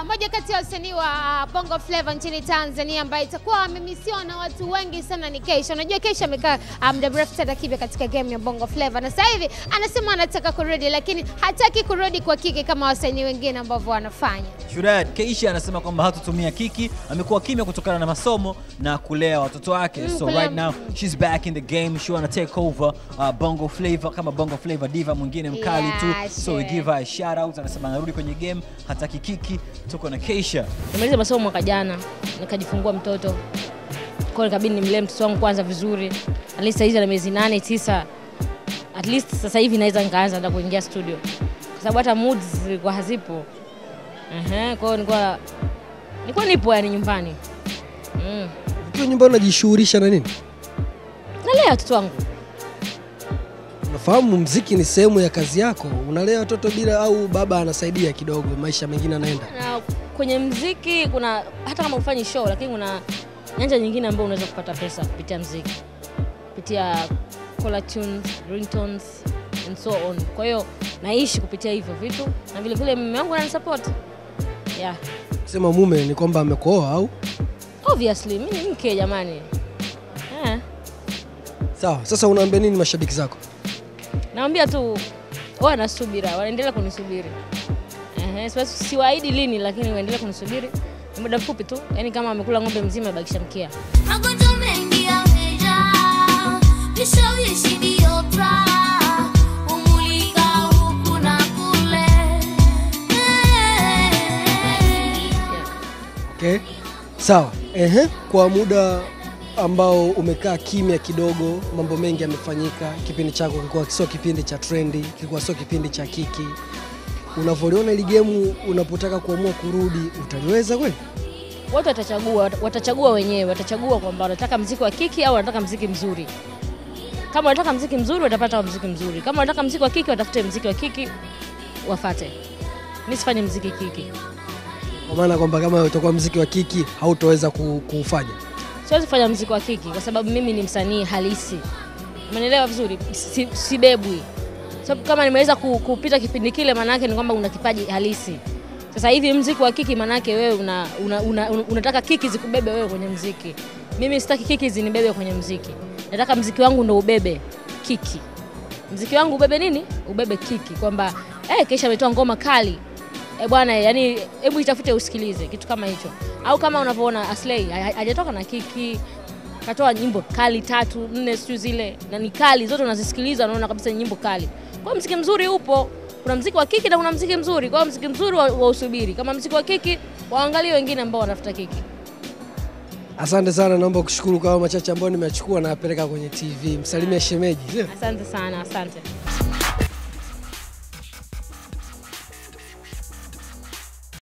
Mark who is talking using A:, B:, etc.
A: Ah, moja kati ya wasanii wa ah, Bongo Flava nchini Tanzania ambaye itakuwa amemisiwa na watu wengi sana ni Kesha. Unajua Kesha amekaa ah, muda mrefu sana kibya katika game ya Bongo Flava na sasa hivi anasema anataka kurudi, lakini hataki kurudi kwa kiki kama wasanii wengine ambavyo wanafanya.
B: Shurad, Kesha anasema kwamba hatutumia kiki, amekuwa kimya kutokana na masomo na kulea watoto wake. Mm, so kulea. right now she's back in the game. She wanna take over uh, Bongo Flava kama Bongo Flava diva mwingine mkali yeah, tu. So we give her a shout out. Anasema anarudi kwenye game, hataki kiki Tuko na Keisha.
A: Nimaliza masomo mwaka jana, nikajifungua mtoto. Kwa hiyo ikabidi nimlee mtoto wangu kwanza vizuri. At least saizi ana miezi nane tisa. At least sasa hivi naweza nikaanza na kuingia studio. Kwa sababu hata moods zilikuwa hazipo. Eh eh, kwa hiyo nilikuwa nilikuwa nipo yani nyumbani.
B: Mm. Ukiwa nyumbani unajishughulisha na nini?
A: Nalea watoto wangu.
B: Nafahamu mziki ni sehemu ya kazi yako, unalea watoto bila au baba anasaidia kidogo, maisha mengine anaenda
A: na kwenye mziki? Kuna hata kama ufanyi show, lakini kuna nyanja nyingine ambayo unaweza kupata pesa kupitia mziki, kupitia collar tunes, ringtones and so on. Kwa hiyo naishi kupitia hivyo vitu na vile vile mume wangu ananisupport. Yeah.
B: Sema mume ni kwamba amekuoa au?
A: Obviously, mimi ni mke jamani. Yeah.
B: Sawa, sasa unaambia nini mashabiki zako?
A: Naambia tu wao na subira, wanaendelea kunisubiri. Ehe, siwaahidi lini, lakini waendelee kunisubiri muda mfupi tu, yani kama amekula ng'ombe mzima bakisha mkia. Magonjwa mengi yameja, vishawishi shidi otra
B: Okay. Sawa. Ehe, kwa muda ambao umekaa kimya kidogo, mambo mengi yamefanyika. Kipindi chako kilikuwa sio kipindi cha trendi, kilikuwa sio kipindi cha kiki. Unavyoliona ili gemu, unapotaka kuamua kurudi, utaliweza kweli?
A: Watu watachagua, watachagua wenyewe, watachagua kwamba wanataka mziki wa kiki au wanataka mziki mzuri. Kama wanataka mziki mzuri, watapata wa mziki mzuri. Kama wanataka mziki wa kiki, watafute mziki wa kiki wafate. Mimi sifanye mziki kiki,
B: kwa maana kwamba kama utakuwa mziki wa kiki hautoweza kufanya
A: siwezi kufanya mziki wa kiki kwa sababu mimi ni msanii halisi, umenielewa vizuri, sibebwi. So, kama nimeweza kupita kipindi kile, maanake ni kwamba una kipaji halisi. Sasa hivi mziki wa kiki, yake wewe una, una, una, unataka kiki zikubebe wewe kwenye mziki. Mimi sitaki kiki zinibebe kwenye mziki, nataka mziki wangu ndo ubebe kiki, mziki wangu ubebe nini? Ubebe kiki, kwamba eh, kesha ametoa ngoma kali e bwana, yani hebu itafute usikilize, kitu kama hicho. Au kama unavyoona Aslay hajatoka na kiki, katoa nyimbo kali tatu nne, siyo zile, na ni kali zote, unazisikiliza unaona kabisa nyimbo kali. Kwa mziki mzuri upo, kuna mziki wa kiki na kuna mziki mzuri. Kwa mziki mzuri wa, wa usubiri, kama mziki wa kiki waangalie wengine ambao wanafuta kiki.
B: Asante sana, naomba kushukuru kwa machache ambayo nimeyachukua na apeleka kwenye TV. Msalimie shemeji.
A: Asante sana, asante.